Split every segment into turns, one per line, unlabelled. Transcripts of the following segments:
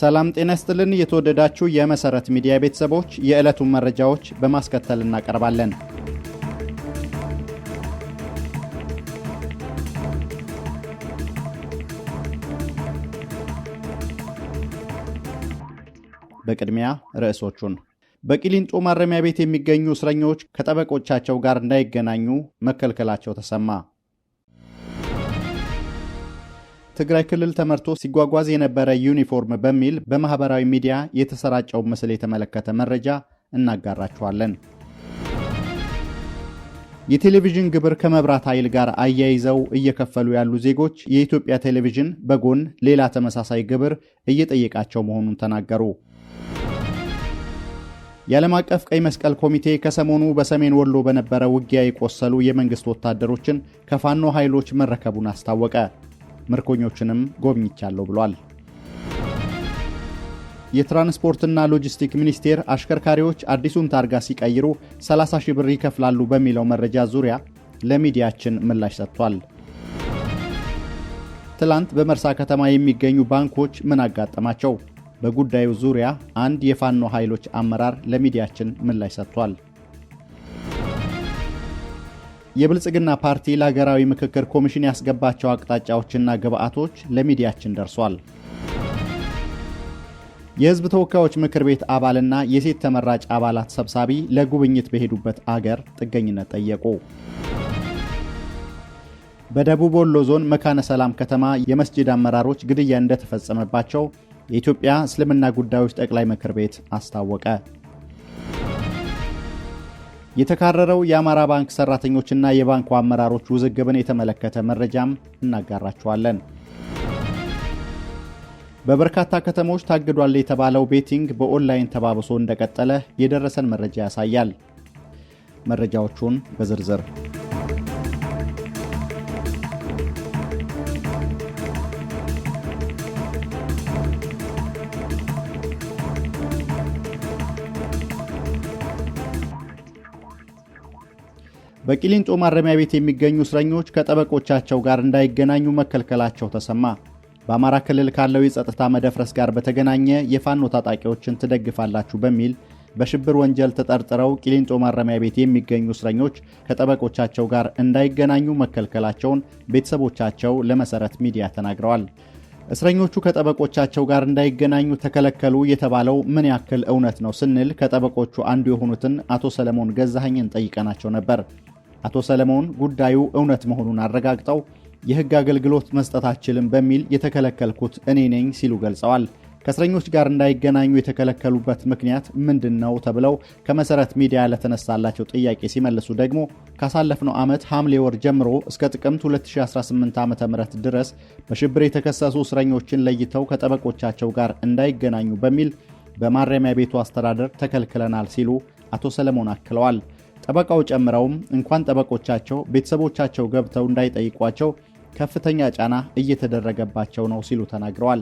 ሰላም ጤና ስጥልን። የተወደዳችሁ የመሰረት ሚዲያ ቤተሰቦች የዕለቱን መረጃዎች በማስከተል እናቀርባለን። በቅድሚያ ርዕሶቹን በቂሊንጦ ማረሚያ ቤት የሚገኙ እስረኞች ከጠበቆቻቸው ጋር እንዳይገናኙ መከልከላቸው ተሰማ። ትግራይ ክልል ተመርቶ ሲጓጓዝ የነበረ ዩኒፎርም በሚል በማኅበራዊ ሚዲያ የተሰራጨውን ምስል የተመለከተ መረጃ እናጋራችኋለን። የቴሌቪዥን ግብር ከመብራት ኃይል ጋር አያይዘው እየከፈሉ ያሉ ዜጎች የኢትዮጵያ ቴሌቪዥን በጎን ሌላ ተመሳሳይ ግብር እየጠየቃቸው መሆኑን ተናገሩ። የዓለም አቀፍ ቀይ መስቀል ኮሚቴ ከሰሞኑ በሰሜን ወሎ በነበረ ውጊያ የቆሰሉ የመንግሥት ወታደሮችን ከፋኖ ኃይሎች መረከቡን አስታወቀ። ምርኮኞችንም ጎብኝቻለሁ ብሏል። የትራንስፖርትና ሎጂስቲክ ሚኒስቴር አሽከርካሪዎች አዲሱን ታርጋ ሲቀይሩ 30 ሺህ ብር ይከፍላሉ በሚለው መረጃ ዙሪያ ለሚዲያችን ምላሽ ሰጥቷል። ትላንት በመርሳ ከተማ የሚገኙ ባንኮች ምን አጋጠማቸው? በጉዳዩ ዙሪያ አንድ የፋኖ ኃይሎች አመራር ለሚዲያችን ምላሽ ሰጥቷል። የብልጽግና ፓርቲ ለሀገራዊ ምክክር ኮሚሽን ያስገባቸው አቅጣጫዎችና ግብአቶች ለሚዲያችን ደርሷል። የህዝብ ተወካዮች ምክር ቤት አባልና የሴት ተመራጭ አባላት ሰብሳቢ ለጉብኝት በሄዱበት አገር ጥገኝነት ጠየቁ። በደቡብ ወሎ ዞን መካነ ሰላም ከተማ የመስጂድ አመራሮች ግድያ እንደተፈጸመባቸው የኢትዮጵያ እስልምና ጉዳዮች ጠቅላይ ምክር ቤት አስታወቀ። የተካረረው የአማራ ባንክ ሰራተኞችና የባንኩ አመራሮች ውዝግብን የተመለከተ መረጃም እናጋራችኋለን። በበርካታ ከተሞች ታግዷል የተባለው ቤቲንግ በኦንላይን ተባብሶ እንደቀጠለ የደረሰን መረጃ ያሳያል። መረጃዎቹን በዝርዝር በቂሊንጦ ማረሚያ ቤት የሚገኙ እስረኞች ከጠበቆቻቸው ጋር እንዳይገናኙ መከልከላቸው ተሰማ። በአማራ ክልል ካለው የጸጥታ መደፍረስ ጋር በተገናኘ የፋኖ ታጣቂዎችን ትደግፋላችሁ በሚል በሽብር ወንጀል ተጠርጥረው ቂሊንጦ ማረሚያ ቤት የሚገኙ እስረኞች ከጠበቆቻቸው ጋር እንዳይገናኙ መከልከላቸውን ቤተሰቦቻቸው ለመሰረት ሚዲያ ተናግረዋል። እስረኞቹ ከጠበቆቻቸው ጋር እንዳይገናኙ ተከለከሉ የተባለው ምን ያክል እውነት ነው ስንል ከጠበቆቹ አንዱ የሆኑትን አቶ ሰለሞን ገዛኸኝን ጠይቀናቸው ነበር። አቶ ሰለሞን ጉዳዩ እውነት መሆኑን አረጋግጠው የህግ አገልግሎት መስጠት አችልም በሚል የተከለከልኩት እኔ ነኝ ሲሉ ገልጸዋል። ከእስረኞች ጋር እንዳይገናኙ የተከለከሉበት ምክንያት ምንድን ነው ተብለው ከመሰረት ሚዲያ ለተነሳላቸው ጥያቄ ሲመልሱ ደግሞ ካሳለፍነው ዓመት ሐምሌ ወር ጀምሮ እስከ ጥቅምት 2018 ዓ ም ድረስ በሽብር የተከሰሱ እስረኞችን ለይተው ከጠበቆቻቸው ጋር እንዳይገናኙ በሚል በማረሚያ ቤቱ አስተዳደር ተከልክለናል ሲሉ አቶ ሰለሞን አክለዋል። ጠበቃው ጨምረውም እንኳን ጠበቆቻቸው ቤተሰቦቻቸው ገብተው እንዳይጠይቋቸው ከፍተኛ ጫና እየተደረገባቸው ነው ሲሉ ተናግረዋል።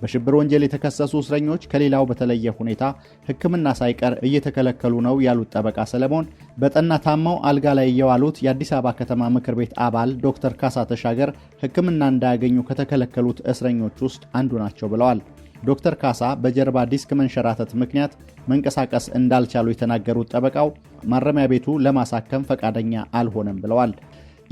በሽብር ወንጀል የተከሰሱ እስረኞች ከሌላው በተለየ ሁኔታ ሕክምና ሳይቀር እየተከለከሉ ነው ያሉት ጠበቃ ሰለሞን በጠና ታመው አልጋ ላይ እየዋሉት የአዲስ አበባ ከተማ ምክር ቤት አባል ዶክተር ካሳ ተሻገር ሕክምና እንዳያገኙ ከተከለከሉት እስረኞች ውስጥ አንዱ ናቸው ብለዋል። ዶክተር ካሳ በጀርባ ዲስክ መንሸራተት ምክንያት መንቀሳቀስ እንዳልቻሉ የተናገሩት ጠበቃው ማረሚያ ቤቱ ለማሳከም ፈቃደኛ አልሆነም ብለዋል።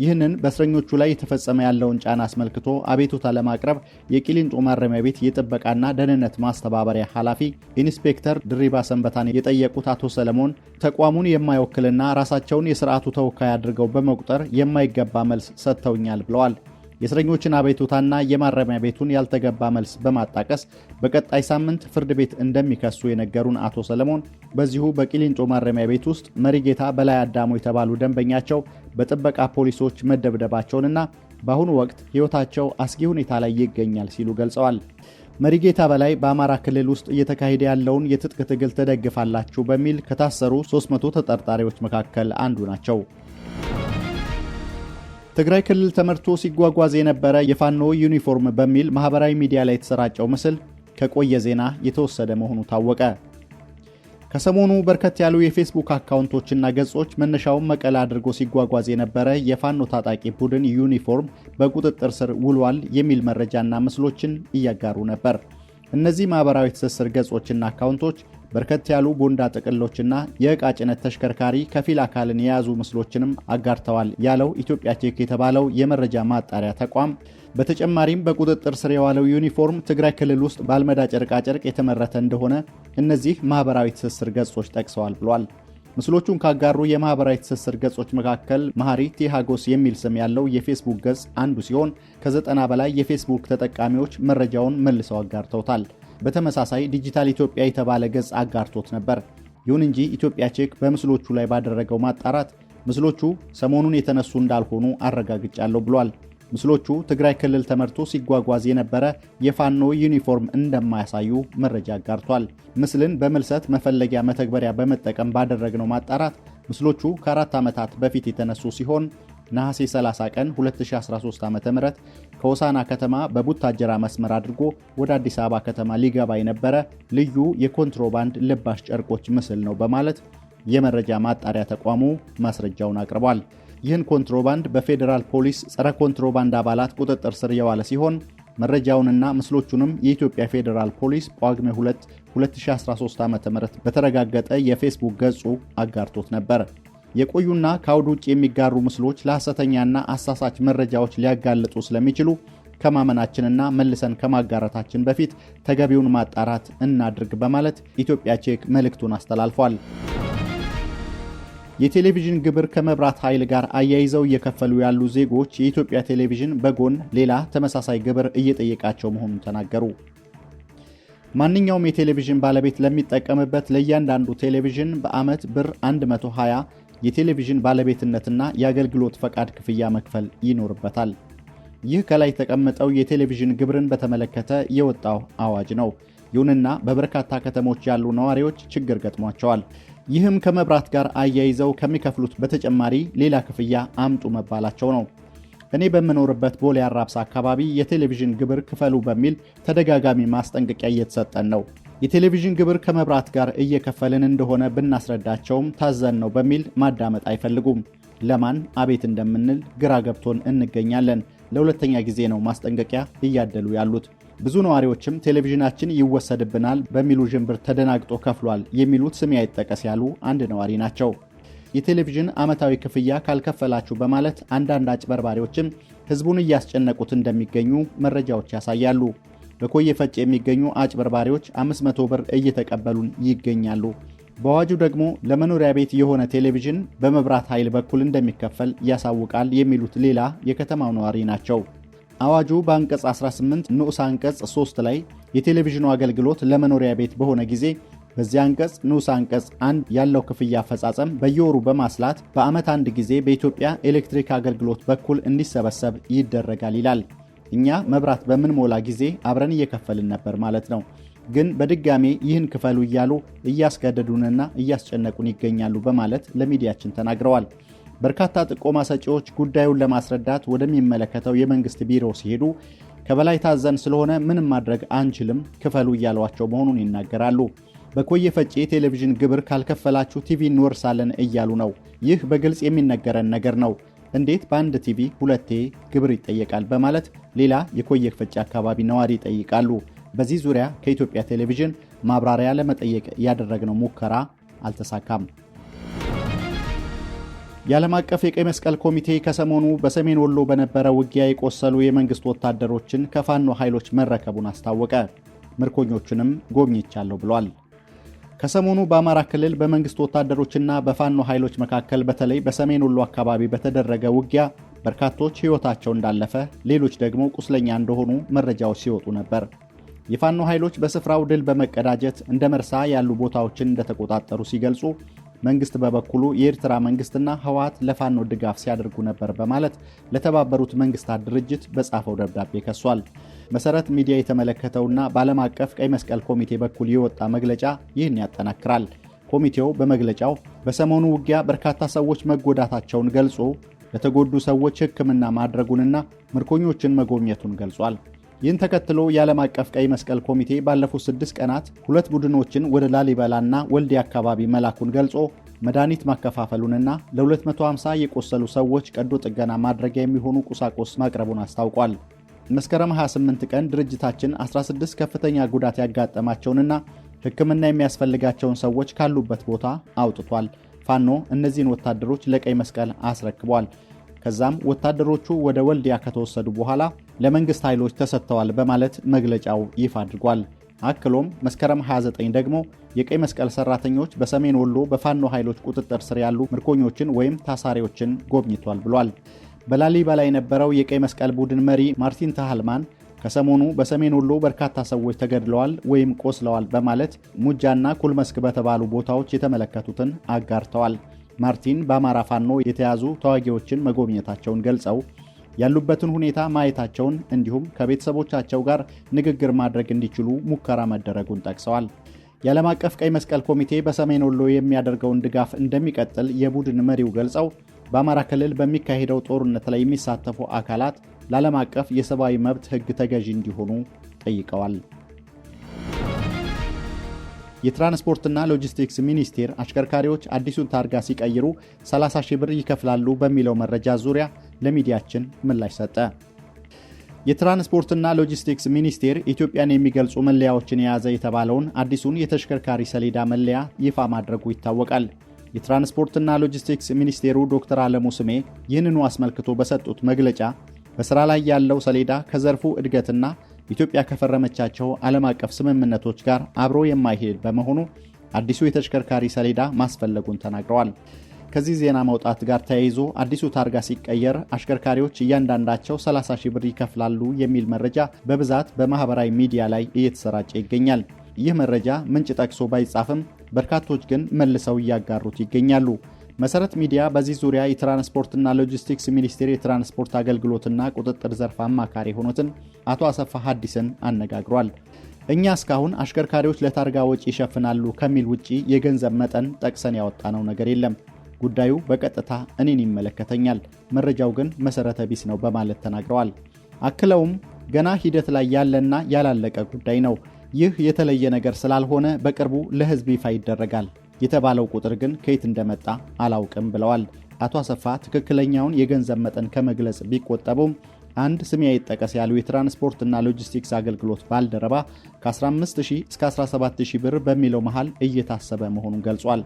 ይህንን በእስረኞቹ ላይ የተፈጸመ ያለውን ጫና አስመልክቶ አቤቱታ ለማቅረብ የቂሊንጦ ማረሚያ ቤት የጥበቃና ደህንነት ማስተባበሪያ ኃላፊ ኢንስፔክተር ድሪባ ሰንበታን የጠየቁት አቶ ሰለሞን ተቋሙን የማይወክልና ራሳቸውን የስርዓቱ ተወካይ አድርገው በመቁጠር የማይገባ መልስ ሰጥተውኛል ብለዋል። የእስረኞችን አቤቱታና የማረሚያ ቤቱን ያልተገባ መልስ በማጣቀስ በቀጣይ ሳምንት ፍርድ ቤት እንደሚከሱ የነገሩን አቶ ሰለሞን በዚሁ በቂሊንጦ ማረሚያ ቤት ውስጥ መሪጌታ በላይ አዳሙ የተባሉ ደንበኛቸው በጥበቃ ፖሊሶች መደብደባቸውንና በአሁኑ ወቅት ሕይወታቸው አስጊ ሁኔታ ላይ ይገኛል ሲሉ ገልጸዋል። መሪጌታ በላይ በአማራ ክልል ውስጥ እየተካሄደ ያለውን የትጥቅ ትግል ትደግፋላችሁ በሚል ከታሰሩ 300 ተጠርጣሪዎች መካከል አንዱ ናቸው። ትግራይ ክልል ተመርቶ ሲጓጓዝ የነበረ የፋኖ ዩኒፎርም በሚል ማህበራዊ ሚዲያ ላይ የተሰራጨው ምስል ከቆየ ዜና የተወሰደ መሆኑ ታወቀ። ከሰሞኑ በርከት ያሉ የፌስቡክ አካውንቶችና ገጾች መነሻውን መቀለ አድርጎ ሲጓጓዝ የነበረ የፋኖ ታጣቂ ቡድን ዩኒፎርም በቁጥጥር ስር ውሏል የሚል መረጃና ምስሎችን እያጋሩ ነበር። እነዚህ ማህበራዊ ትስስር ገጾችና አካውንቶች በርከት ያሉ ቦንዳ ጥቅሎችና የእቃ ጭነት ተሽከርካሪ ከፊል አካልን የያዙ ምስሎችንም አጋርተዋል ያለው ኢትዮጵያ ቼክ የተባለው የመረጃ ማጣሪያ ተቋም በተጨማሪም በቁጥጥር ስር የዋለው ዩኒፎርም ትግራይ ክልል ውስጥ በአልመዳ ጨርቃጨርቅ የተመረተ እንደሆነ እነዚህ ማህበራዊ ትስስር ገጾች ጠቅሰዋል ብሏል። ምስሎቹን ካጋሩ የማህበራዊ ትስስር ገጾች መካከል መሐሪ ቲሃጎስ የሚል ስም ያለው የፌስቡክ ገጽ አንዱ ሲሆን ከዘጠና በላይ የፌስቡክ ተጠቃሚዎች መረጃውን መልሰው አጋርተውታል። በተመሳሳይ ዲጂታል ኢትዮጵያ የተባለ ገጽ አጋርቶት ነበር። ይሁን እንጂ ኢትዮጵያ ቼክ በምስሎቹ ላይ ባደረገው ማጣራት ምስሎቹ ሰሞኑን የተነሱ እንዳልሆኑ አረጋግጫለሁ ብሏል። ምስሎቹ ትግራይ ክልል ተመርቶ ሲጓጓዝ የነበረ የፋኖ ዩኒፎርም እንደማያሳዩ መረጃ አጋርቷል። ምስልን በምልሰት መፈለጊያ መተግበሪያ በመጠቀም ባደረግነው ማጣራት ምስሎቹ ከአራት ዓመታት በፊት የተነሱ ሲሆን ነሐሴ 30 ቀን 2013 ዓ ም ከሆሳና ከተማ በቡታጀራ መስመር አድርጎ ወደ አዲስ አበባ ከተማ ሊገባ የነበረ ልዩ የኮንትሮባንድ ልባሽ ጨርቆች ምስል ነው በማለት የመረጃ ማጣሪያ ተቋሙ ማስረጃውን አቅርቧል። ይህን ኮንትሮባንድ በፌዴራል ፖሊስ ጸረ ኮንትሮባንድ አባላት ቁጥጥር ስር የዋለ ሲሆን መረጃውንና ምስሎቹንም የኢትዮጵያ ፌዴራል ፖሊስ ጳጉሜ 2 2013 ዓ ም በተረጋገጠ የፌስቡክ ገጹ አጋርቶት ነበር። የቆዩና ከአውድ ውጭ የሚጋሩ ምስሎች ለሐሰተኛና አሳሳች መረጃዎች ሊያጋልጡ ስለሚችሉ ከማመናችንና መልሰን ከማጋራታችን በፊት ተገቢውን ማጣራት እናድርግ በማለት ኢትዮጵያ ቼክ መልእክቱን አስተላልፏል። የቴሌቪዥን ግብር ከመብራት ኃይል ጋር አያይዘው እየከፈሉ ያሉ ዜጎች የኢትዮጵያ ቴሌቪዥን በጎን ሌላ ተመሳሳይ ግብር እየጠየቃቸው መሆኑን ተናገሩ። ማንኛውም የቴሌቪዥን ባለቤት ለሚጠቀምበት ለእያንዳንዱ ቴሌቪዥን በዓመት ብር 120 የቴሌቪዥን ባለቤትነትና የአገልግሎት ፈቃድ ክፍያ መክፈል ይኖርበታል። ይህ ከላይ የተቀመጠው የቴሌቪዥን ግብርን በተመለከተ የወጣው አዋጅ ነው። ይሁንና በበርካታ ከተሞች ያሉ ነዋሪዎች ችግር ገጥሟቸዋል። ይህም ከመብራት ጋር አያይዘው ከሚከፍሉት በተጨማሪ ሌላ ክፍያ አምጡ መባላቸው ነው። እኔ በምኖርበት ቦሌ አራብሳ አካባቢ የቴሌቪዥን ግብር ክፈሉ በሚል ተደጋጋሚ ማስጠንቀቂያ እየተሰጠን ነው። የቴሌቪዥን ግብር ከመብራት ጋር እየከፈልን እንደሆነ ብናስረዳቸውም ታዘን ነው በሚል ማዳመጥ አይፈልጉም። ለማን አቤት እንደምንል ግራ ገብቶን እንገኛለን። ለሁለተኛ ጊዜ ነው ማስጠንቀቂያ እያደሉ ያሉት። ብዙ ነዋሪዎችም ቴሌቪዥናችን ይወሰድብናል በሚሉ ዥንብር ተደናግጦ ከፍሏል የሚሉት ስሜ አይጠቀስ ያሉ አንድ ነዋሪ ናቸው። የቴሌቪዥን ዓመታዊ ክፍያ ካልከፈላችሁ በማለት አንዳንድ አጭበርባሪዎችም ህዝቡን እያስጨነቁት እንደሚገኙ መረጃዎች ያሳያሉ። በኮየ ፈጭ የሚገኙ አጭበርባሪዎች 500 ብር እየተቀበሉን ይገኛሉ። በአዋጁ ደግሞ ለመኖሪያ ቤት የሆነ ቴሌቪዥን በመብራት ኃይል በኩል እንደሚከፈል ያሳውቃል የሚሉት ሌላ የከተማው ነዋሪ ናቸው። አዋጁ በአንቀጽ 18 ንዑስ አንቀጽ 3 ላይ የቴሌቪዥኑ አገልግሎት ለመኖሪያ ቤት በሆነ ጊዜ በዚህ አንቀጽ ንዑስ አንቀጽ አንድ ያለው ክፍያ አፈጻጸም በየወሩ በማስላት በዓመት አንድ ጊዜ በኢትዮጵያ ኤሌክትሪክ አገልግሎት በኩል እንዲሰበሰብ ይደረጋል ይላል። እኛ መብራት በምንሞላ ጊዜ አብረን እየከፈልን ነበር ማለት ነው። ግን በድጋሜ ይህን ክፈሉ እያሉ እያስገደዱንና እያስጨነቁን ይገኛሉ በማለት ለሚዲያችን ተናግረዋል። በርካታ ጥቆማ ሰጪዎች ጉዳዩን ለማስረዳት ወደሚመለከተው የመንግስት ቢሮ ሲሄዱ ከበላይ ታዘን ስለሆነ ምንም ማድረግ አንችልም ክፈሉ እያሏቸው መሆኑን ይናገራሉ። በኮየ ፈጪ የቴሌቪዥን ግብር ካልከፈላችሁ ቲቪ እንወርሳለን እያሉ ነው። ይህ በግልጽ የሚነገረን ነገር ነው። እንዴት በአንድ ቲቪ ሁለቴ ግብር ይጠየቃል? በማለት ሌላ የኮየክ ፈጬ አካባቢ ነዋሪ ይጠይቃሉ። በዚህ ዙሪያ ከኢትዮጵያ ቴሌቪዥን ማብራሪያ ለመጠየቅ ያደረግነው ሙከራ አልተሳካም። የዓለም አቀፍ የቀይ መስቀል ኮሚቴ ከሰሞኑ በሰሜን ወሎ በነበረ ውጊያ የቆሰሉ የመንግሥት ወታደሮችን ከፋኖ ኃይሎች መረከቡን አስታወቀ። ምርኮኞቹንም ጎብኝቻለሁ ብሏል። ከሰሞኑ በአማራ ክልል በመንግስት ወታደሮችና በፋኖ ኃይሎች መካከል በተለይ በሰሜን ወሎ አካባቢ በተደረገ ውጊያ በርካቶች ሕይወታቸው እንዳለፈ፣ ሌሎች ደግሞ ቁስለኛ እንደሆኑ መረጃዎች ሲወጡ ነበር። የፋኖ ኃይሎች በስፍራው ድል በመቀዳጀት እንደ መርሳ ያሉ ቦታዎችን እንደተቆጣጠሩ ሲገልጹ፣ መንግስት በበኩሉ የኤርትራ መንግስትና ህወሓት ለፋኖ ድጋፍ ሲያደርጉ ነበር በማለት ለተባበሩት መንግስታት ድርጅት በጻፈው ደብዳቤ ከሷል። መሰረት ሚዲያ የተመለከተውና በዓለም አቀፍ ቀይ መስቀል ኮሚቴ በኩል የወጣ መግለጫ ይህን ያጠናክራል። ኮሚቴው በመግለጫው በሰሞኑ ውጊያ በርካታ ሰዎች መጎዳታቸውን ገልጾ ለተጎዱ ሰዎች ሕክምና ማድረጉንና ምርኮኞችን መጎብኘቱን ገልጿል። ይህን ተከትሎ የዓለም አቀፍ ቀይ መስቀል ኮሚቴ ባለፉት ስድስት ቀናት ሁለት ቡድኖችን ወደ ላሊበላና ወልዲ አካባቢ መላኩን ገልጾ መድኃኒት ማከፋፈሉንና ለ250 የቆሰሉ ሰዎች ቀዶ ጥገና ማድረጊያ የሚሆኑ ቁሳቁስ ማቅረቡን አስታውቋል። መስከረም 28 ቀን ድርጅታችን 16 ከፍተኛ ጉዳት ያጋጠማቸውንና ሕክምና የሚያስፈልጋቸውን ሰዎች ካሉበት ቦታ አውጥቷል። ፋኖ እነዚህን ወታደሮች ለቀይ መስቀል አስረክቧል። ከዛም ወታደሮቹ ወደ ወልዲያ ከተወሰዱ በኋላ ለመንግስት ኃይሎች ተሰጥተዋል በማለት መግለጫው ይፋ አድርጓል። አክሎም መስከረም 29 ደግሞ የቀይ መስቀል ሰራተኞች በሰሜን ወሎ በፋኖ ኃይሎች ቁጥጥር ስር ያሉ ምርኮኞችን ወይም ታሳሪዎችን ጎብኝቷል ብሏል። በላሊበላ የነበረው የቀይ መስቀል ቡድን መሪ ማርቲን ታህልማን ከሰሞኑ በሰሜን ወሎ በርካታ ሰዎች ተገድለዋል ወይም ቆስለዋል በማለት ሙጃና ኩልመስክ በተባሉ ቦታዎች የተመለከቱትን አጋርተዋል። ማርቲን በአማራ ፋኖ የተያዙ ተዋጊዎችን መጎብኘታቸውን ገልጸው ያሉበትን ሁኔታ ማየታቸውን እንዲሁም ከቤተሰቦቻቸው ጋር ንግግር ማድረግ እንዲችሉ ሙከራ መደረጉን ጠቅሰዋል። የዓለም አቀፍ ቀይ መስቀል ኮሚቴ በሰሜን ወሎ የሚያደርገውን ድጋፍ እንደሚቀጥል የቡድን መሪው ገልጸው በአማራ ክልል በሚካሄደው ጦርነት ላይ የሚሳተፉ አካላት ለዓለም አቀፍ የሰብአዊ መብት ሕግ ተገዢ እንዲሆኑ ጠይቀዋል። የትራንስፖርትና ሎጂስቲክስ ሚኒስቴር አሽከርካሪዎች አዲሱን ታርጋ ሲቀይሩ 30 ሺህ ብር ይከፍላሉ በሚለው መረጃ ዙሪያ ለሚዲያችን ምላሽ ሰጠ። የትራንስፖርትና ሎጂስቲክስ ሚኒስቴር ኢትዮጵያን የሚገልጹ መለያዎችን የያዘ የተባለውን አዲሱን የተሽከርካሪ ሰሌዳ መለያ ይፋ ማድረጉ ይታወቃል። የትራንስፖርትና ሎጂስቲክስ ሚኒስቴሩ ዶክተር አለሙ ስሜ ይህንኑ አስመልክቶ በሰጡት መግለጫ በሥራ ላይ ያለው ሰሌዳ ከዘርፉ እድገትና ኢትዮጵያ ከፈረመቻቸው ዓለም አቀፍ ስምምነቶች ጋር አብሮ የማይሄድ በመሆኑ አዲሱ የተሽከርካሪ ሰሌዳ ማስፈለጉን ተናግረዋል። ከዚህ ዜና መውጣት ጋር ተያይዞ አዲሱ ታርጋ ሲቀየር አሽከርካሪዎች እያንዳንዳቸው 30 ሺህ ብር ይከፍላሉ የሚል መረጃ በብዛት በማህበራዊ ሚዲያ ላይ እየተሰራጨ ይገኛል። ይህ መረጃ ምንጭ ጠቅሶ ባይጻፍም በርካቶች ግን መልሰው እያጋሩት ይገኛሉ። መሰረት ሚዲያ በዚህ ዙሪያ የትራንስፖርትና ሎጂስቲክስ ሚኒስቴር የትራንስፖርት አገልግሎትና ቁጥጥር ዘርፍ አማካሪ የሆኑትን አቶ አሰፋ ሀዲስን አነጋግሯል። እኛ እስካሁን አሽከርካሪዎች ለታርጋ ወጪ ይሸፍናሉ ከሚል ውጪ የገንዘብ መጠን ጠቅሰን ያወጣነው ነገር የለም። ጉዳዩ በቀጥታ እኔን ይመለከተኛል፣ መረጃው ግን መሰረተ ቢስ ነው በማለት ተናግረዋል። አክለውም ገና ሂደት ላይ ያለና ያላለቀ ጉዳይ ነው። ይህ የተለየ ነገር ስላልሆነ በቅርቡ ለህዝብ ይፋ ይደረጋል። የተባለው ቁጥር ግን ከየት እንደመጣ አላውቅም ብለዋል አቶ አሰፋ። ትክክለኛውን የገንዘብ መጠን ከመግለጽ ቢቆጠቡም አንድ ስሚያ ይጠቀስ ያሉ የትራንስፖርትና ሎጂስቲክስ አገልግሎት ባልደረባ ከ15000 እስከ 17000 ብር በሚለው መሃል እየታሰበ መሆኑን ገልጿል።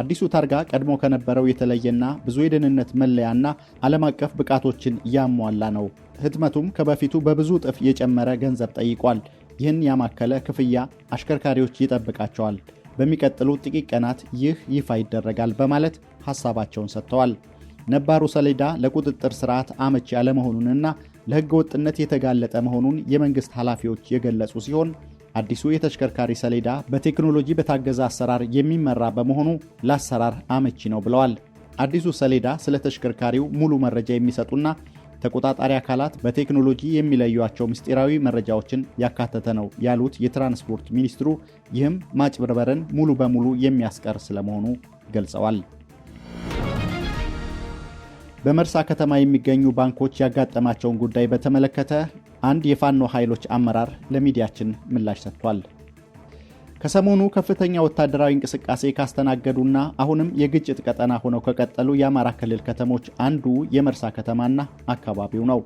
አዲሱ ታርጋ ቀድሞ ከነበረው የተለየና ብዙ የደህንነት መለያና ዓለም አቀፍ ብቃቶችን ያሟላ ነው። ህትመቱም ከበፊቱ በብዙ እጥፍ የጨመረ ገንዘብ ጠይቋል። ይህን ያማከለ ክፍያ አሽከርካሪዎች ይጠብቃቸዋል። በሚቀጥሉ ጥቂት ቀናት ይህ ይፋ ይደረጋል በማለት ሀሳባቸውን ሰጥተዋል። ነባሩ ሰሌዳ ለቁጥጥር ስርዓት አመቺ ያለመሆኑንና ለሕገ ወጥነት የተጋለጠ መሆኑን የመንግስት ኃላፊዎች የገለጹ ሲሆን አዲሱ የተሽከርካሪ ሰሌዳ በቴክኖሎጂ በታገዘ አሰራር የሚመራ በመሆኑ ለአሰራር አመቺ ነው ብለዋል። አዲሱ ሰሌዳ ስለ ተሽከርካሪው ሙሉ መረጃ የሚሰጡና ተቆጣጣሪ አካላት በቴክኖሎጂ የሚለዩቸው ምስጢራዊ መረጃዎችን ያካተተ ነው ያሉት የትራንስፖርት ሚኒስትሩ ይህም ማጭበርበርን ሙሉ በሙሉ የሚያስቀር ስለመሆኑ ገልጸዋል። በመርሳ ከተማ የሚገኙ ባንኮች ያጋጠማቸውን ጉዳይ በተመለከተ አንድ የፋኖ ኃይሎች አመራር ለሚዲያችን ምላሽ ሰጥቷል። ከሰሞኑ ከፍተኛ ወታደራዊ እንቅስቃሴ ካስተናገዱና አሁንም የግጭት ቀጠና ሆነው ከቀጠሉ የአማራ ክልል ከተሞች አንዱ የመርሳ ከተማና አካባቢው ነው።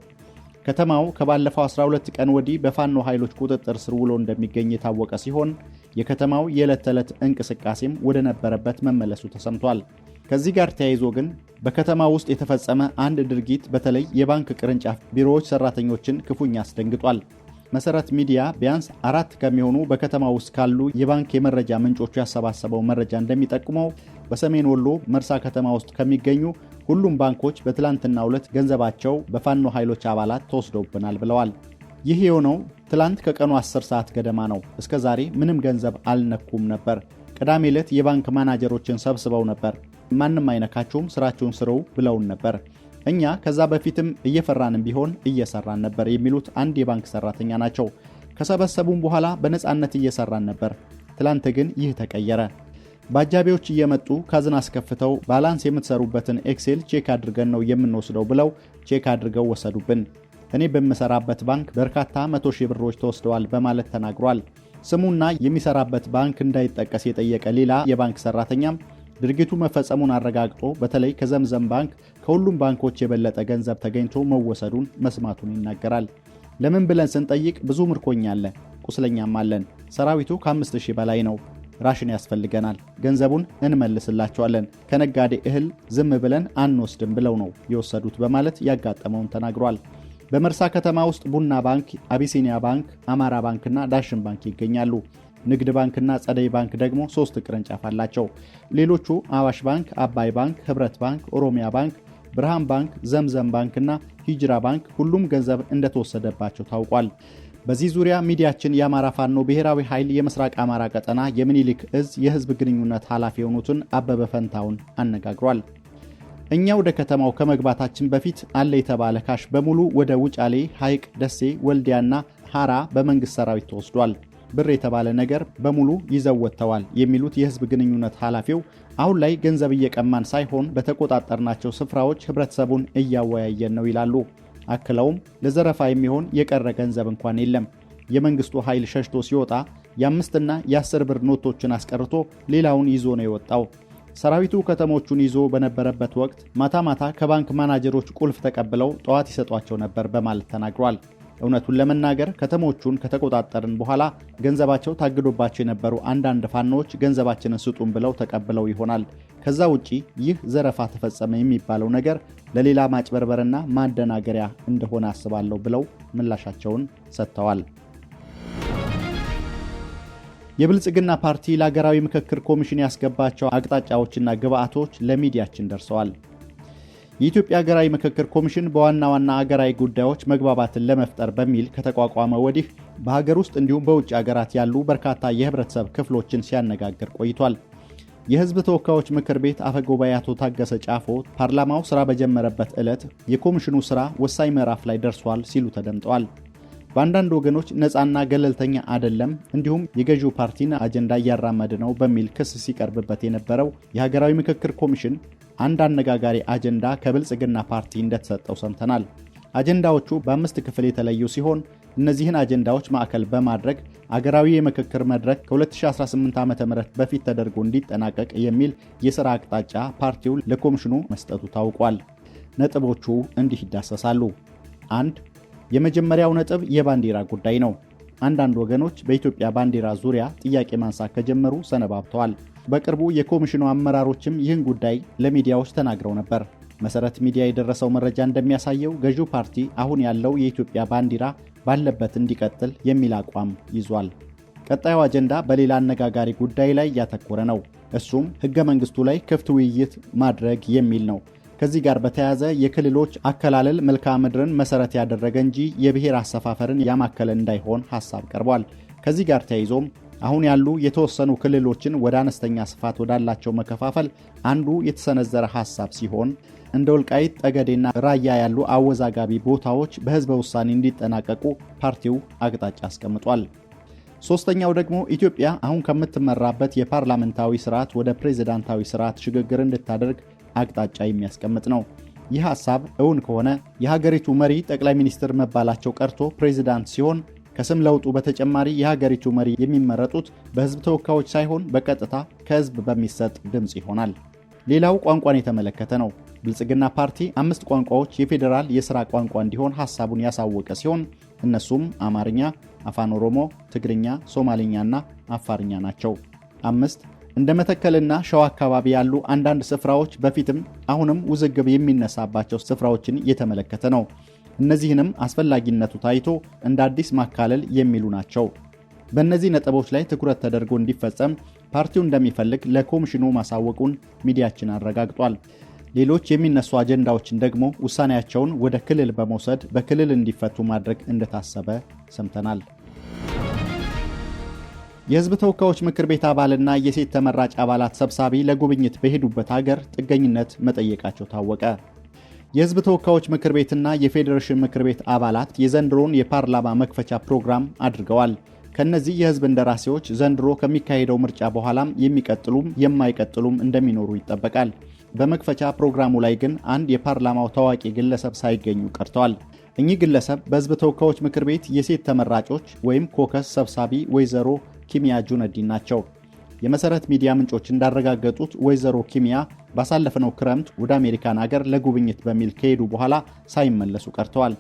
ከተማው ከባለፈው 12 ቀን ወዲህ በፋኖ ኃይሎች ቁጥጥር ስር ውሎ እንደሚገኝ የታወቀ ሲሆን የከተማው የዕለት ተዕለት እንቅስቃሴም ወደ ነበረበት መመለሱ ተሰምቷል። ከዚህ ጋር ተያይዞ ግን በከተማ ውስጥ የተፈጸመ አንድ ድርጊት በተለይ የባንክ ቅርንጫፍ ቢሮዎች ሰራተኞችን ክፉኛ አስደንግጧል። መሰረት ሚዲያ ቢያንስ አራት ከሚሆኑ በከተማ ውስጥ ካሉ የባንክ የመረጃ ምንጮቹ ያሰባሰበው መረጃ እንደሚጠቁመው በሰሜን ወሎ መርሳ ከተማ ውስጥ ከሚገኙ ሁሉም ባንኮች በትላንትና ዕለት ገንዘባቸው በፋኖ ኃይሎች አባላት ተወስደውብናል ብለዋል። ይህ የሆነው ትላንት ከቀኑ 10 ሰዓት ገደማ ነው። እስከ ዛሬ ምንም ገንዘብ አልነኩም ነበር። ቅዳሜ ዕለት የባንክ ማናጀሮችን ሰብስበው ነበር። ማንም አይነካችሁም፣ ስራችሁን ስሩ ብለውን ነበር። እኛ ከዛ በፊትም እየፈራንም ቢሆን እየሰራን ነበር የሚሉት አንድ የባንክ ሰራተኛ ናቸው። ከሰበሰቡም በኋላ በነፃነት እየሰራን ነበር። ትላንት ግን ይህ ተቀየረ። በአጃቢዎች እየመጡ ካዝን አስከፍተው ባላንስ የምትሰሩበትን ኤክሴል ቼክ አድርገን ነው የምንወስደው ብለው ቼክ አድርገው ወሰዱብን። እኔ በምሰራበት ባንክ በርካታ መቶ ሺህ ብሮች ተወስደዋል በማለት ተናግሯል። ስሙና የሚሰራበት ባንክ እንዳይጠቀስ የጠየቀ ሌላ የባንክ ሰራተኛም ድርጊቱ መፈጸሙን አረጋግጦ በተለይ ከዘምዘም ባንክ ከሁሉም ባንኮች የበለጠ ገንዘብ ተገኝቶ መወሰዱን መስማቱን ይናገራል። ለምን ብለን ስንጠይቅ ብዙ ምርኮኛ አለ፣ ቁስለኛም አለን። ሰራዊቱ ከ5000 በላይ ነው። ራሽን ያስፈልገናል። ገንዘቡን እንመልስላቸዋለን። ከነጋዴ እህል ዝም ብለን አንወስድም ብለው ነው የወሰዱት በማለት ያጋጠመውን ተናግሯል። በመርሳ ከተማ ውስጥ ቡና ባንክ፣ አቢሲኒያ ባንክ፣ አማራ ባንክና ዳሽን ባንክ ይገኛሉ። ንግድ ባንክና ጸደይ ባንክ ደግሞ ሶስት ቅርንጫፍ አላቸው። ሌሎቹ አዋሽ ባንክ፣ አባይ ባንክ፣ ህብረት ባንክ፣ ኦሮሚያ ባንክ፣ ብርሃን ባንክ፣ ዘምዘም ባንክ እና ሂጅራ ባንክ ሁሉም ገንዘብ እንደተወሰደባቸው ታውቋል። በዚህ ዙሪያ ሚዲያችን የአማራ ፋኖ ብሔራዊ ኃይል የምስራቅ አማራ ቀጠና የሚኒሊክ እዝ የህዝብ ግንኙነት ኃላፊ የሆኑትን አበበ ፈንታውን አነጋግሯል። እኛ ወደ ከተማው ከመግባታችን በፊት አለ የተባለ ካሽ በሙሉ ወደ ውጫሌ፣ ሐይቅ፣ ደሴ፣ ወልዲያና ሐራ በመንግሥት ሰራዊት ተወስዷል። ብር የተባለ ነገር በሙሉ ይዘው ወጥተዋል የሚሉት የህዝብ ግንኙነት ኃላፊው አሁን ላይ ገንዘብ እየቀማን ሳይሆን በተቆጣጠርናቸው ስፍራዎች ህብረተሰቡን እያወያየን ነው ይላሉ። አክለውም ለዘረፋ የሚሆን የቀረ ገንዘብ እንኳን የለም። የመንግስቱ ኃይል ሸሽቶ ሲወጣ የአምስትና የአስር ብር ኖቶችን አስቀርቶ ሌላውን ይዞ ነው የወጣው። ሰራዊቱ ከተሞቹን ይዞ በነበረበት ወቅት ማታ ማታ ከባንክ ማናጀሮች ቁልፍ ተቀብለው ጠዋት ይሰጧቸው ነበር በማለት ተናግሯል። እውነቱን ለመናገር ከተሞቹን ከተቆጣጠርን በኋላ ገንዘባቸው ታግዶባቸው የነበሩ አንዳንድ ፋኖዎች ገንዘባችንን ስጡን ብለው ተቀብለው ይሆናል። ከዛ ውጪ ይህ ዘረፋ ተፈጸመ የሚባለው ነገር ለሌላ ማጭበርበርና ማደናገሪያ እንደሆነ አስባለሁ ብለው ምላሻቸውን ሰጥተዋል። የብልጽግና ፓርቲ ለሀገራዊ ምክክር ኮሚሽን ያስገባቸው አቅጣጫዎችና ግብዓቶች ለሚዲያችን ደርሰዋል። የኢትዮጵያ ሀገራዊ ምክክር ኮሚሽን በዋና ዋና ሀገራዊ ጉዳዮች መግባባትን ለመፍጠር በሚል ከተቋቋመ ወዲህ በሀገር ውስጥ እንዲሁም በውጭ ሀገራት ያሉ በርካታ የህብረተሰብ ክፍሎችን ሲያነጋግር ቆይቷል። የህዝብ ተወካዮች ምክር ቤት አፈ ጉባኤ አቶ ታገሰ ጫፎ ፓርላማው ስራ በጀመረበት ዕለት የኮሚሽኑ ስራ ወሳኝ ምዕራፍ ላይ ደርሷል ሲሉ ተደምጠዋል። በአንዳንድ ወገኖች ነፃና ገለልተኛ አይደለም፣ እንዲሁም የገዢው ፓርቲን አጀንዳ እያራመደ ነው በሚል ክስ ሲቀርብበት የነበረው የሀገራዊ ምክክር ኮሚሽን አንድ አነጋጋሪ አጀንዳ ከብልጽግና ፓርቲ እንደተሰጠው ሰምተናል። አጀንዳዎቹ በአምስት ክፍል የተለዩ ሲሆን እነዚህን አጀንዳዎች ማዕከል በማድረግ አገራዊ የምክክር መድረክ ከ2018 ዓ ም በፊት ተደርጎ እንዲጠናቀቅ የሚል የሥራ አቅጣጫ ፓርቲው ለኮሚሽኑ መስጠቱ ታውቋል። ነጥቦቹ እንዲህ ይዳሰሳሉ። አንድ የመጀመሪያው ነጥብ የባንዲራ ጉዳይ ነው። አንዳንድ ወገኖች በኢትዮጵያ ባንዲራ ዙሪያ ጥያቄ ማንሳት ከጀመሩ ሰነባብተዋል። በቅርቡ የኮሚሽኑ አመራሮችም ይህን ጉዳይ ለሚዲያዎች ተናግረው ነበር። መሰረት ሚዲያ የደረሰው መረጃ እንደሚያሳየው ገዢው ፓርቲ አሁን ያለው የኢትዮጵያ ባንዲራ ባለበት እንዲቀጥል የሚል አቋም ይዟል። ቀጣዩ አጀንዳ በሌላ አነጋጋሪ ጉዳይ ላይ ያተኮረ ነው። እሱም ህገ መንግስቱ ላይ ክፍት ውይይት ማድረግ የሚል ነው። ከዚህ ጋር በተያያዘ የክልሎች አከላለል መልክዓ ምድርን መሰረት ያደረገ እንጂ የብሔር አሰፋፈርን ያማከለ እንዳይሆን ሀሳብ ቀርቧል። ከዚህ ጋር ተያይዞም አሁን ያሉ የተወሰኑ ክልሎችን ወደ አነስተኛ ስፋት ወዳላቸው መከፋፈል አንዱ የተሰነዘረ ሀሳብ ሲሆን እንደ ወልቃይት ጠገዴና ራያ ያሉ አወዛጋቢ ቦታዎች በህዝበ ውሳኔ እንዲጠናቀቁ ፓርቲው አቅጣጫ አስቀምጧል። ሶስተኛው ደግሞ ኢትዮጵያ አሁን ከምትመራበት የፓርላመንታዊ ስርዓት ወደ ፕሬዝዳንታዊ ስርዓት ሽግግር እንድታደርግ አቅጣጫ የሚያስቀምጥ ነው። ይህ ሐሳብ እውን ከሆነ የሀገሪቱ መሪ ጠቅላይ ሚኒስትር መባላቸው ቀርቶ ፕሬዚዳንት ሲሆን ከስም ለውጡ በተጨማሪ የሀገሪቱ መሪ የሚመረጡት በህዝብ ተወካዮች ሳይሆን በቀጥታ ከህዝብ በሚሰጥ ድምፅ ይሆናል። ሌላው ቋንቋን የተመለከተ ነው። ብልጽግና ፓርቲ አምስት ቋንቋዎች የፌዴራል የሥራ ቋንቋ እንዲሆን ሐሳቡን ያሳወቀ ሲሆን እነሱም አማርኛ፣ አፋን ኦሮሞ፣ ትግርኛ፣ ሶማሌኛና አፋርኛ ናቸው። አምስት እንደ መተከልና ሸዋ አካባቢ ያሉ አንዳንድ ስፍራዎች በፊትም አሁንም ውዝግብ የሚነሳባቸው ስፍራዎችን እየተመለከተ ነው። እነዚህንም አስፈላጊነቱ ታይቶ እንደ አዲስ ማካለል የሚሉ ናቸው። በእነዚህ ነጥቦች ላይ ትኩረት ተደርጎ እንዲፈጸም ፓርቲው እንደሚፈልግ ለኮሚሽኑ ማሳወቁን ሚዲያችን አረጋግጧል። ሌሎች የሚነሱ አጀንዳዎችን ደግሞ ውሳኔያቸውን ወደ ክልል በመውሰድ በክልል እንዲፈቱ ማድረግ እንደታሰበ ሰምተናል። የህዝብ ተወካዮች ምክር ቤት አባልና የሴት ተመራጭ አባላት ሰብሳቢ ለጉብኝት በሄዱበት ሀገር ጥገኝነት መጠየቃቸው ታወቀ። የህዝብ ተወካዮች ምክር ቤትና የፌዴሬሽን ምክር ቤት አባላት የዘንድሮን የፓርላማ መክፈቻ ፕሮግራም አድርገዋል። ከነዚህ የህዝብ እንደራሴዎች ዘንድሮ ከሚካሄደው ምርጫ በኋላም የሚቀጥሉም የማይቀጥሉም እንደሚኖሩ ይጠበቃል። በመክፈቻ ፕሮግራሙ ላይ ግን አንድ የፓርላማው ታዋቂ ግለሰብ ሳይገኙ ቀርተዋል። እኚህ ግለሰብ በህዝብ ተወካዮች ምክር ቤት የሴት ተመራጮች ወይም ኮከስ ሰብሳቢ ወይዘሮ ኪሚያ ጁነዲን ናቸው። የመሰረት ሚዲያ ምንጮች እንዳረጋገጡት ወይዘሮ ኪሚያ ባሳለፍነው ክረምት ወደ አሜሪካን አገር ለጉብኝት በሚል ከሄዱ በኋላ ሳይመለሱ ቀርተዋል።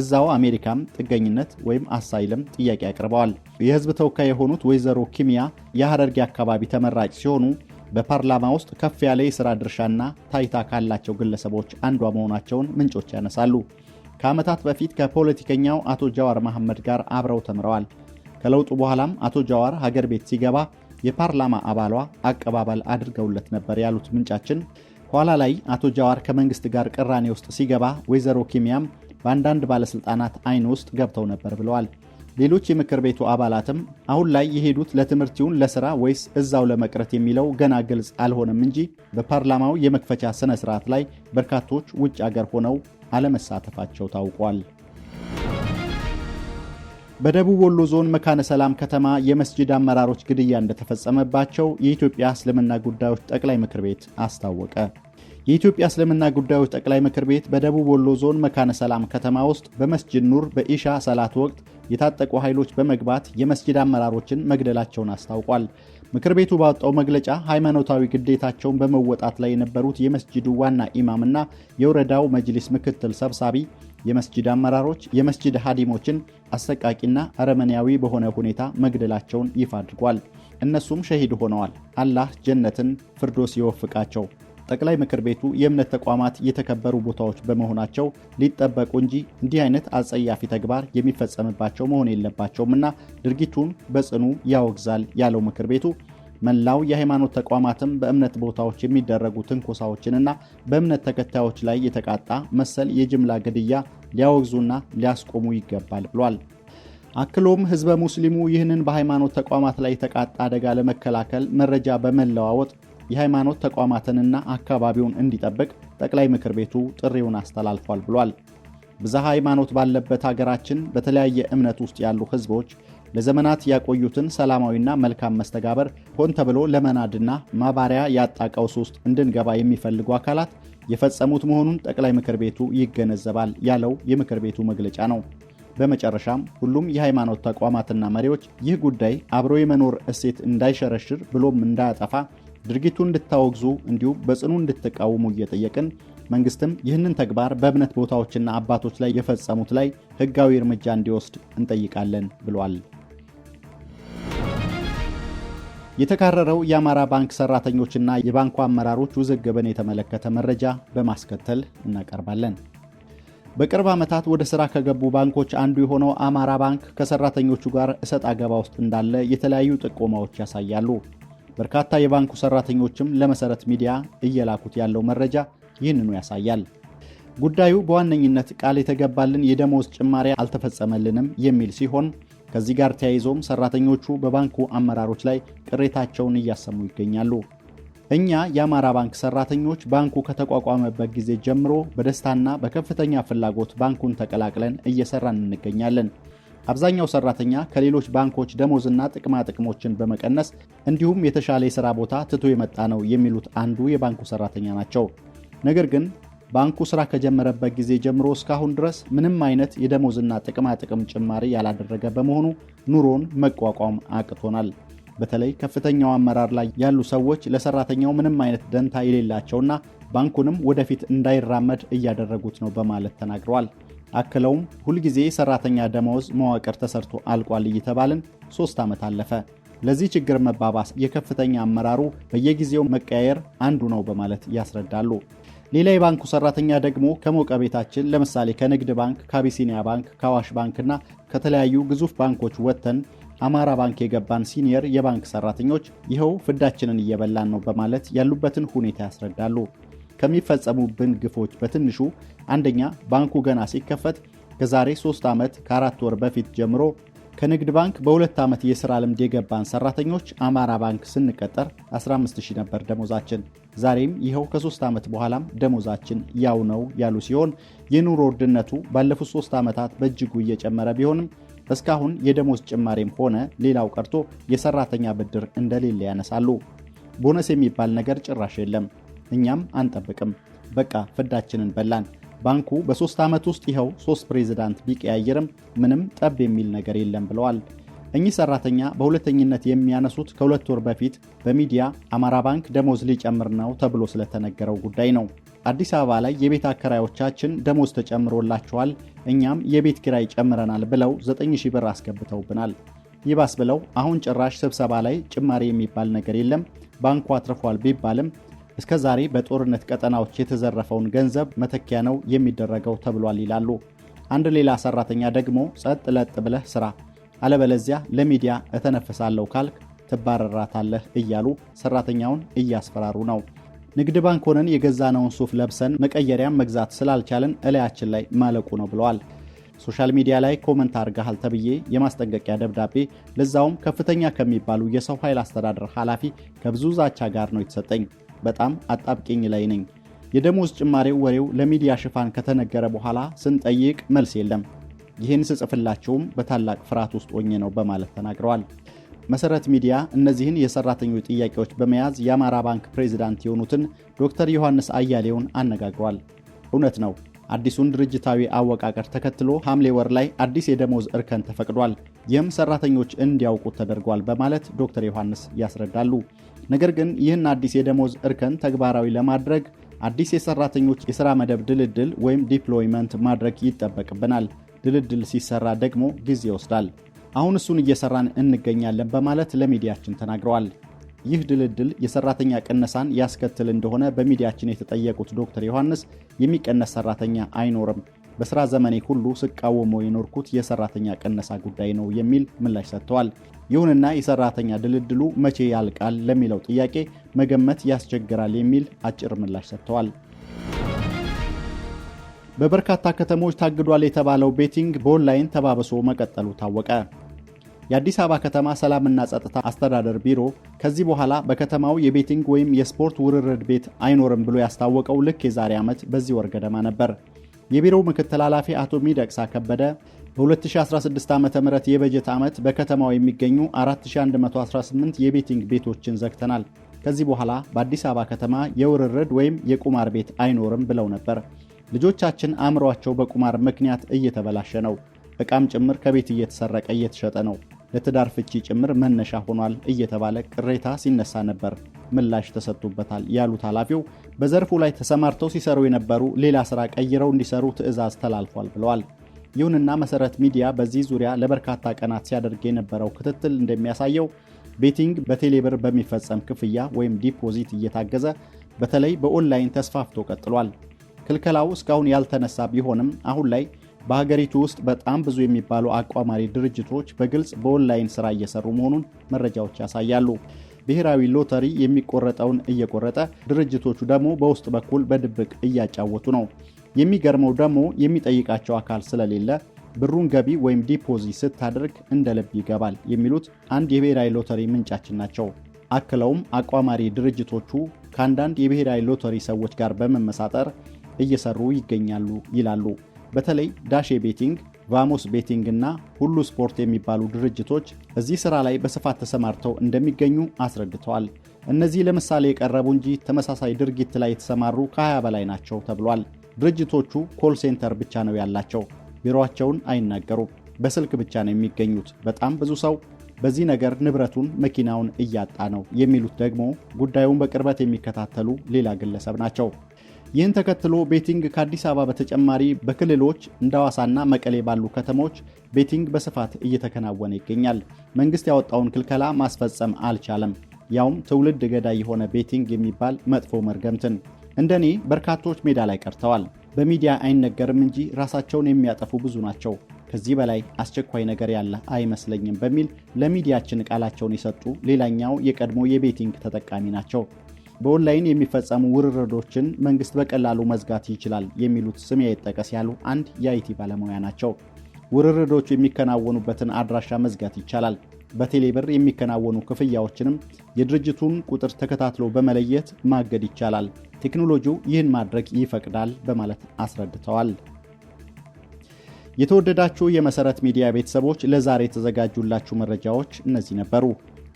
እዛው አሜሪካም ጥገኝነት ወይም አሳይለም ጥያቄ አቅርበዋል። የህዝብ ተወካይ የሆኑት ወይዘሮ ኪሚያ የሐረርጌ አካባቢ ተመራጭ ሲሆኑ በፓርላማ ውስጥ ከፍ ያለ የሥራ ድርሻና ታይታ ካላቸው ግለሰቦች አንዷ መሆናቸውን ምንጮች ያነሳሉ። ከዓመታት በፊት ከፖለቲከኛው አቶ ጃዋር መሐመድ ጋር አብረው ተምረዋል። ከለውጡ በኋላም አቶ ጃዋር ሀገር ቤት ሲገባ የፓርላማ አባሏ አቀባበል አድርገውለት ነበር ያሉት ምንጫችን፣ ኋላ ላይ አቶ ጃዋር ከመንግስት ጋር ቅራኔ ውስጥ ሲገባ ወይዘሮ ኪሚያም በአንዳንድ ባለሥልጣናት አይን ውስጥ ገብተው ነበር ብለዋል። ሌሎች የምክር ቤቱ አባላትም አሁን ላይ የሄዱት ለትምህርት ይሁን ለሥራ ወይስ እዛው ለመቅረት የሚለው ገና ግልጽ አልሆነም እንጂ በፓርላማው የመክፈቻ ሥነ ሥርዓት ላይ በርካቶች ውጭ አገር ሆነው አለመሳተፋቸው ታውቋል። በደቡብ ወሎ ዞን መካነ ሰላም ከተማ የመስጅድ አመራሮች ግድያ እንደተፈጸመባቸው የኢትዮጵያ እስልምና ጉዳዮች ጠቅላይ ምክር ቤት አስታወቀ። የኢትዮጵያ እስልምና ጉዳዮች ጠቅላይ ምክር ቤት በደቡብ ወሎ ዞን መካነ ሰላም ከተማ ውስጥ በመስጅድ ኑር በኢሻ ሰላት ወቅት የታጠቁ ኃይሎች በመግባት የመስጅድ አመራሮችን መግደላቸውን አስታውቋል። ምክር ቤቱ ባወጣው መግለጫ ሃይማኖታዊ ግዴታቸውን በመወጣት ላይ የነበሩት የመስጅዱ ዋና ኢማምና የወረዳው መጅሊስ ምክትል ሰብሳቢ የመስጅድ አመራሮች የመስጅድ ሀዲሞችን አሰቃቂና አረመኔያዊ በሆነ ሁኔታ መግደላቸውን ይፋ አድርጓል። እነሱም ሸሂድ ሆነዋል። አላህ ጀነትን ፍርዶስ ይወፍቃቸው። ጠቅላይ ምክር ቤቱ የእምነት ተቋማት የተከበሩ ቦታዎች በመሆናቸው ሊጠበቁ እንጂ እንዲህ አይነት አጸያፊ ተግባር የሚፈጸምባቸው መሆን የለባቸውም እና ድርጊቱን በጽኑ ያወግዛል ያለው ምክር ቤቱ መላው የሃይማኖት ተቋማትም በእምነት ቦታዎች የሚደረጉ ትንኮሳዎችንና በእምነት ተከታዮች ላይ የተቃጣ መሰል የጅምላ ግድያ ሊያወግዙና ሊያስቆሙ ይገባል ብሏል። አክሎም ህዝበ ሙስሊሙ ይህንን በሃይማኖት ተቋማት ላይ የተቃጣ አደጋ ለመከላከል መረጃ በመለዋወጥ የሃይማኖት ተቋማትንና አካባቢውን እንዲጠብቅ ጠቅላይ ምክር ቤቱ ጥሪውን አስተላልፏል ብሏል። ብዝሃ ሃይማኖት ባለበት ሀገራችን በተለያየ እምነት ውስጥ ያሉ ህዝቦች ለዘመናት ያቆዩትን ሰላማዊና መልካም መስተጋበር ሆን ተብሎ ለመናድና ማባሪያ ያጣ ቀውስ ውስጥ እንድንገባ የሚፈልጉ አካላት የፈጸሙት መሆኑን ጠቅላይ ምክር ቤቱ ይገነዘባል ያለው የምክር ቤቱ መግለጫ ነው። በመጨረሻም ሁሉም የሃይማኖት ተቋማትና መሪዎች ይህ ጉዳይ አብሮ የመኖር እሴት እንዳይሸረሽር ብሎም እንዳያጠፋ ድርጊቱ እንድታወግዙ እንዲሁም በጽኑ እንድትቃወሙ እየጠየቅን መንግስትም ይህንን ተግባር በእምነት ቦታዎችና አባቶች ላይ የፈጸሙት ላይ ህጋዊ እርምጃ እንዲወስድ እንጠይቃለን ብሏል። የተካረረው የአማራ ባንክ ሰራተኞችና የባንኩ አመራሮች ውዝግብን የተመለከተ መረጃ በማስከተል እናቀርባለን። በቅርብ ዓመታት ወደ ሥራ ከገቡ ባንኮች አንዱ የሆነው አማራ ባንክ ከሰራተኞቹ ጋር እሰጥ አገባ ውስጥ እንዳለ የተለያዩ ጥቆማዎች ያሳያሉ። በርካታ የባንኩ ሰራተኞችም ለመሰረት ሚዲያ እየላኩት ያለው መረጃ ይህንኑ ያሳያል። ጉዳዩ በዋነኝነት ቃል የተገባልን የደሞዝ ጭማሪ አልተፈጸመልንም የሚል ሲሆን ከዚህ ጋር ተያይዞም ሰራተኞቹ በባንኩ አመራሮች ላይ ቅሬታቸውን እያሰሙ ይገኛሉ። እኛ የአማራ ባንክ ሰራተኞች ባንኩ ከተቋቋመበት ጊዜ ጀምሮ በደስታና በከፍተኛ ፍላጎት ባንኩን ተቀላቅለን እየሰራን እንገኛለን። አብዛኛው ሰራተኛ ከሌሎች ባንኮች ደሞዝና ጥቅማ ጥቅሞችን በመቀነስ እንዲሁም የተሻለ የሥራ ቦታ ትቶ የመጣ ነው የሚሉት አንዱ የባንኩ ሰራተኛ ናቸው። ነገር ግን ባንኩ ስራ ከጀመረበት ጊዜ ጀምሮ እስካሁን ድረስ ምንም አይነት የደሞዝና ጥቅማ ጥቅም ጭማሪ ያላደረገ በመሆኑ ኑሮን መቋቋም አቅቶናል። በተለይ ከፍተኛው አመራር ላይ ያሉ ሰዎች ለሰራተኛው ምንም አይነት ደንታ የሌላቸውና ባንኩንም ወደፊት እንዳይራመድ እያደረጉት ነው በማለት ተናግረዋል። አክለውም ሁልጊዜ የሰራተኛ ደመወዝ መዋቅር ተሰርቶ አልቋል እየተባልን ሶስት ዓመት አለፈ። ለዚህ ችግር መባባስ የከፍተኛ አመራሩ በየጊዜው መቀያየር አንዱ ነው በማለት ያስረዳሉ። ሌላ የባንኩ ሰራተኛ ደግሞ ከሞቀ ቤታችን ለምሳሌ ከንግድ ባንክ፣ ከአቢሲኒያ ባንክ፣ ከአዋሽ ባንክና ከተለያዩ ግዙፍ ባንኮች ወጥተን አማራ ባንክ የገባን ሲኒየር የባንክ ሰራተኞች ይኸው ፍዳችንን እየበላን ነው በማለት ያሉበትን ሁኔታ ያስረዳሉ። ከሚፈጸሙብን ግፎች በትንሹ አንደኛ ባንኩ ገና ሲከፈት ከዛሬ ሶስት ዓመት ከአራት ወር በፊት ጀምሮ ከንግድ ባንክ በሁለት ዓመት የሥራ ልምድ የገባን ሠራተኞች አማራ ባንክ ስንቀጠር 15000 ነበር ደሞዛችን። ዛሬም ይኸው ከሶስት ዓመት በኋላም ደሞዛችን ያው ነው ያሉ ሲሆን የኑሮ ውድነቱ ባለፉት ሶስት ዓመታት በእጅጉ እየጨመረ ቢሆንም እስካሁን የደሞዝ ጭማሬም ሆነ ሌላው ቀርቶ የሠራተኛ ብድር እንደሌለ ያነሳሉ። ቦነስ የሚባል ነገር ጭራሽ የለም። እኛም አንጠብቅም። በቃ ፍዳችንን በላን። ባንኩ በሶስት ዓመት ውስጥ ይኸው ሶስት ፕሬዝዳንት ቢቀያየርም ምንም ጠብ የሚል ነገር የለም ብለዋል። እኚህ ሰራተኛ በሁለተኝነት የሚያነሱት ከሁለት ወር በፊት በሚዲያ አማራ ባንክ ደሞዝ ሊጨምር ነው ተብሎ ስለተነገረው ጉዳይ ነው። አዲስ አበባ ላይ የቤት አከራዮቻችን ደሞዝ ተጨምሮላቸዋል፣ እኛም የቤት ኪራይ ጨምረናል ብለው 9000 ብር አስገብተውብናል። ይባስ ብለው አሁን ጭራሽ ስብሰባ ላይ ጭማሪ የሚባል ነገር የለም ባንኩ አትርፏል ቢባልም እስከ ዛሬ በጦርነት ቀጠናዎች የተዘረፈውን ገንዘብ መተኪያ ነው የሚደረገው ተብሏል ይላሉ። አንድ ሌላ ሰራተኛ ደግሞ ጸጥ ለጥ ብለህ ስራ፣ አለበለዚያ ለሚዲያ እተነፍሳለሁ ካልክ ትባረራታለህ እያሉ ሰራተኛውን እያስፈራሩ ነው። ንግድ ባንክ ሆነን የገዛነውን ሱፍ ለብሰን መቀየሪያም መግዛት ስላልቻለን እላያችን ላይ ማለቁ ነው ብለዋል። ሶሻል ሚዲያ ላይ ኮመንት አድርገሃል ተብዬ የማስጠንቀቂያ ደብዳቤ ለዛውም ከፍተኛ ከሚባሉ የሰው ኃይል አስተዳደር ኃላፊ ከብዙ ዛቻ ጋር ነው የተሰጠኝ። በጣም አጣብቂኝ ላይ ነኝ። የደሞዝ ጭማሬው ወሬው ለሚዲያ ሽፋን ከተነገረ በኋላ ስንጠይቅ መልስ የለም። ይህን ስጽፍላቸውም በታላቅ ፍርሃት ውስጥ ሆኜ ነው በማለት ተናግረዋል። መሰረት ሚዲያ እነዚህን የሰራተኞች ጥያቄዎች በመያዝ የአማራ ባንክ ፕሬዚዳንት የሆኑትን ዶክተር ዮሐንስ አያሌውን አነጋግሯል። እውነት ነው፣ አዲሱን ድርጅታዊ አወቃቀር ተከትሎ ሐምሌ ወር ላይ አዲስ የደሞዝ እርከን ተፈቅዷል። ይህም ሰራተኞች እንዲያውቁት ተደርጓል በማለት ዶክተር ዮሐንስ ያስረዳሉ። ነገር ግን ይህን አዲስ የደሞዝ እርከን ተግባራዊ ለማድረግ አዲስ የሰራተኞች የሥራ መደብ ድልድል ወይም ዲፕሎይመንት ማድረግ ይጠበቅብናል። ድልድል ሲሰራ ደግሞ ጊዜ ይወስዳል። አሁን እሱን እየሰራን እንገኛለን በማለት ለሚዲያችን ተናግረዋል። ይህ ድልድል የሰራተኛ ቅነሳን ያስከትል እንደሆነ በሚዲያችን የተጠየቁት ዶክተር ዮሐንስ የሚቀነስ ሰራተኛ አይኖርም፣ በሥራ ዘመኔ ሁሉ ስቃወሞ የኖርኩት የሰራተኛ ቅነሳ ጉዳይ ነው የሚል ምላሽ ሰጥተዋል። ይሁንና የሰራተኛ ድልድሉ መቼ ያልቃል ለሚለው ጥያቄ መገመት ያስቸግራል የሚል አጭር ምላሽ ሰጥተዋል። በበርካታ ከተሞች ታግዷል የተባለው ቤቲንግ በኦንላይን ተባብሶ መቀጠሉ ታወቀ። የአዲስ አበባ ከተማ ሰላምና ጸጥታ አስተዳደር ቢሮ ከዚህ በኋላ በከተማው የቤቲንግ ወይም የስፖርት ውርርድ ቤት አይኖርም ብሎ ያስታወቀው ልክ የዛሬ ዓመት በዚህ ወር ገደማ ነበር። የቢሮው ምክትል ኃላፊ አቶ ሚደቅሳ ከበደ በ2016 ዓ ም የበጀት ዓመት በከተማው የሚገኙ 4118 የቤቲንግ ቤቶችን ዘግተናል። ከዚህ በኋላ በአዲስ አበባ ከተማ የውርርድ ወይም የቁማር ቤት አይኖርም ብለው ነበር። ልጆቻችን አእምሯቸው በቁማር ምክንያት እየተበላሸ ነው። ዕቃም ጭምር ከቤት እየተሰረቀ እየተሸጠ ነው። ለትዳር ፍቺ ጭምር መነሻ ሆኗል እየተባለ ቅሬታ ሲነሳ ነበር። ምላሽ ተሰጥቶበታል ያሉት ኃላፊው በዘርፉ ላይ ተሰማርተው ሲሰሩ የነበሩ ሌላ ሥራ ቀይረው እንዲሰሩ ትዕዛዝ ተላልፏል ብለዋል። ይሁንና መሰረት ሚዲያ በዚህ ዙሪያ ለበርካታ ቀናት ሲያደርግ የነበረው ክትትል እንደሚያሳየው ቤቲንግ በቴሌብር በሚፈጸም ክፍያ ወይም ዲፖዚት እየታገዘ በተለይ በኦንላይን ተስፋፍቶ ቀጥሏል። ክልከላው እስካሁን ያልተነሳ ቢሆንም አሁን ላይ በሀገሪቱ ውስጥ በጣም ብዙ የሚባሉ አቋማሪ ድርጅቶች በግልጽ በኦንላይን ስራ እየሰሩ መሆኑን መረጃዎች ያሳያሉ። ብሔራዊ ሎተሪ የሚቆረጠውን እየቆረጠ ድርጅቶቹ ደግሞ በውስጥ በኩል በድብቅ እያጫወቱ ነው። የሚገርመው ደግሞ የሚጠይቃቸው አካል ስለሌለ ብሩን ገቢ ወይም ዲፖዚት ስታደርግ እንደ ልብ ይገባል የሚሉት አንድ የብሔራዊ ሎተሪ ምንጫችን ናቸው። አክለውም አቋማሪ ድርጅቶቹ ከአንዳንድ የብሔራዊ ሎተሪ ሰዎች ጋር በመመሳጠር እየሰሩ ይገኛሉ ይላሉ። በተለይ ዳሼ ቤቲንግ፣ ቫሞስ ቤቲንግ እና ሁሉ ስፖርት የሚባሉ ድርጅቶች እዚህ ስራ ላይ በስፋት ተሰማርተው እንደሚገኙ አስረድተዋል። እነዚህ ለምሳሌ የቀረቡ እንጂ ተመሳሳይ ድርጊት ላይ የተሰማሩ ከ20 በላይ ናቸው ተብሏል። ድርጅቶቹ ኮል ሴንተር ብቻ ነው ያላቸው። ቢሮአቸውን አይናገሩም። በስልክ ብቻ ነው የሚገኙት። በጣም ብዙ ሰው በዚህ ነገር ንብረቱን መኪናውን እያጣ ነው የሚሉት ደግሞ ጉዳዩን በቅርበት የሚከታተሉ ሌላ ግለሰብ ናቸው። ይህን ተከትሎ ቤቲንግ ከአዲስ አበባ በተጨማሪ በክልሎች እንደ ሐዋሳና መቀሌ ባሉ ከተሞች ቤቲንግ በስፋት እየተከናወነ ይገኛል። መንግስት ያወጣውን ክልከላ ማስፈጸም አልቻለም። ያውም ትውልድ ገዳይ የሆነ ቤቲንግ የሚባል መጥፎ መርገምትን እንደኔ በርካቶች ሜዳ ላይ ቀርተዋል። በሚዲያ አይነገርም እንጂ ራሳቸውን የሚያጠፉ ብዙ ናቸው። ከዚህ በላይ አስቸኳይ ነገር ያለ አይመስለኝም በሚል ለሚዲያችን ቃላቸውን የሰጡ ሌላኛው የቀድሞ የቤቲንግ ተጠቃሚ ናቸው። በኦንላይን የሚፈጸሙ ውርርዶችን መንግስት በቀላሉ መዝጋት ይችላል የሚሉት ስም የጠቀስ ያሉ አንድ የአይቲ ባለሙያ ናቸው። ውርርዶቹ የሚከናወኑበትን አድራሻ መዝጋት ይቻላል። በቴሌብር የሚከናወኑ ክፍያዎችንም የድርጅቱን ቁጥር ተከታትሎ በመለየት ማገድ ይቻላል። ቴክኖሎጂው ይህን ማድረግ ይፈቅዳል በማለት አስረድተዋል። የተወደዳችሁ የመሰረት ሚዲያ ቤተሰቦች ለዛሬ የተዘጋጁላችሁ መረጃዎች እነዚህ ነበሩ።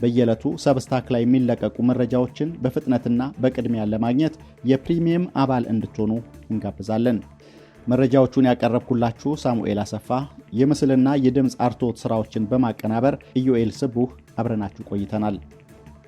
በየዕለቱ ሰብስታክ ላይ የሚለቀቁ መረጃዎችን በፍጥነትና በቅድሚያ ለማግኘት የፕሪሚየም አባል እንድትሆኑ እንጋብዛለን። መረጃዎቹን ያቀረብኩላችሁ ሳሙኤል አሰፋ፣ የምስልና የድምፅ አርቶት ሥራዎችን በማቀናበር ኢዮኤል ስቡህ፣ አብረናችሁ ቆይተናል።